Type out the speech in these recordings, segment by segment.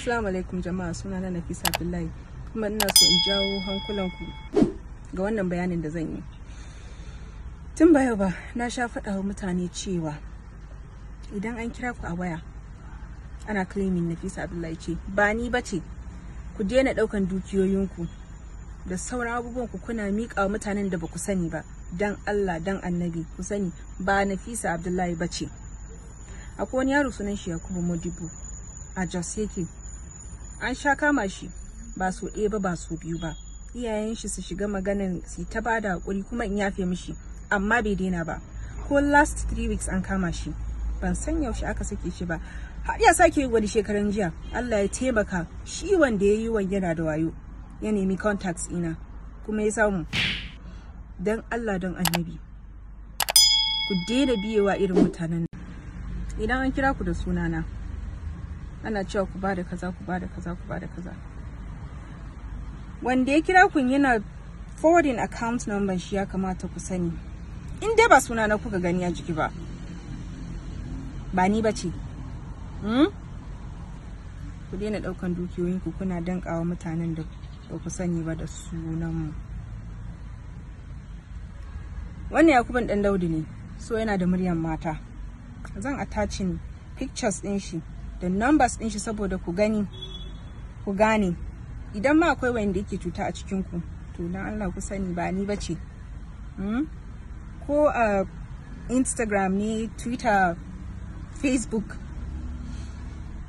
Assalamu alaikum jama'a sunana Nafisa Abdullahi kuma ina so in jawo hankulanku ga wannan bayanin da zan yi. Tun bayo ba na sha faɗa wa mutane cewa idan an kira ku a waya ana claiming Nafisa Abdullahi ce ba ni ba ce ku daina ɗaukan dukiyoyinku da sauran abubuwan ku kuna miƙa wa mutanen da ba ku sani ba dan Allah dan annabi ku sani ba Nafisa Abdullahi ba ce. Akwai wani yaro sunan shi Yakubu Modibo a Jos yake an sha kama shi ba so ɗaya ba ba so biyu ba iyayen shi su shiga maganin su ta ba da hakuri kuma in yafe mishi amma bai daina ba ko last three weeks an kama shi ban san yaushe aka sake shi ba har ya sake wani shekaran jiya Allah ya taimaka shi wanda ya yi wa yana da wayo ya nemi contacts ina kuma ya samu don Allah don annabi ku daina biyewa irin mutanen nan. idan an kira ku da sunana ana cewa ku bada kaza ku bada kaza ku bada kaza wanda ya kira kun yana forwarding account number shi ya kamata ku sani in dai ba suna na kuka gani a jiki ba ba ni ba ce hmm? ku daina daukan dukiyoyinku kuna dankawa mutanen da ba ku sani ba da sunan mu wannan yakuban dan daudi ne so yana da muryan mata zan attaching pictures din shi da numbers ɗin shi saboda ku gani ku gane idan ma akwai wanda yake cuta a cikin ku to dan Allah ku sani ba ni bace hmm? ko a Instagram ne Twitter Facebook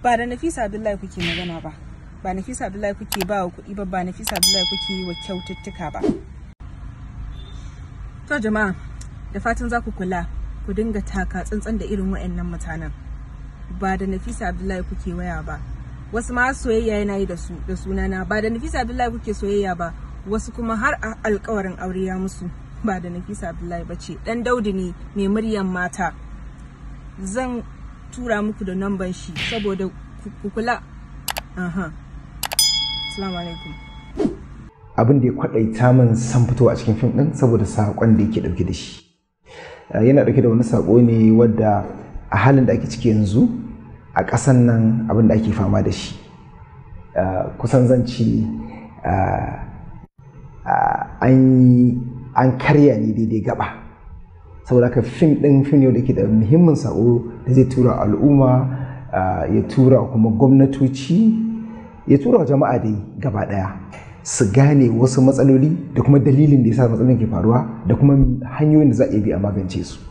ba da Nafisa Abdullahi kuke magana ba ba Nafisa Abdullahi kuke ba wa kuɗi ba ba Nafisa Abdullahi kuke wa kyaututtuka ba to jama'a da fatan za ku kula ku dinga taka tsantsan da irin waɗannan mutanen ba da Nafisa Abdullahi kuke waya ba wasu ma soyayya yana yi da sunana ba da Nafisa Abdullahi kuke soyayya ba wasu kuma har alkawarin aure ya musu ba da Nafisa Abdullahi ba ce dan daudi ne mai muryan mata zan tura muku da namban shi saboda ku kula aha assalamu alaikum abin da ya kwadaita min san fito a cikin fim ɗin saboda sakon da yake dauke da shi eh, yana ɗauke da wani sako ne wadda a halin da ake ciki yanzu a ƙasan nan abin da ake fama da shi kusan zanci an karya ne daidai gaba saboda haka fim ɗin fim ne da ke da muhimmin sa'o, da zai tura al'umma ya tura kuma gwamnatoci ya tura jama'a dai gaba ɗaya su gane wasu matsaloli da kuma dalilin da ya sa matsalolin ke faruwa da kuma hanyoyin da za a iya bi a magance su